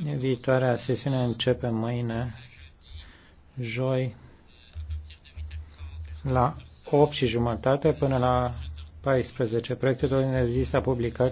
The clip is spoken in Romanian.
Viitoarea sesiune începe mâine, joi, la 8 și jumătate până la 14. Proiectul de zi s-a publicat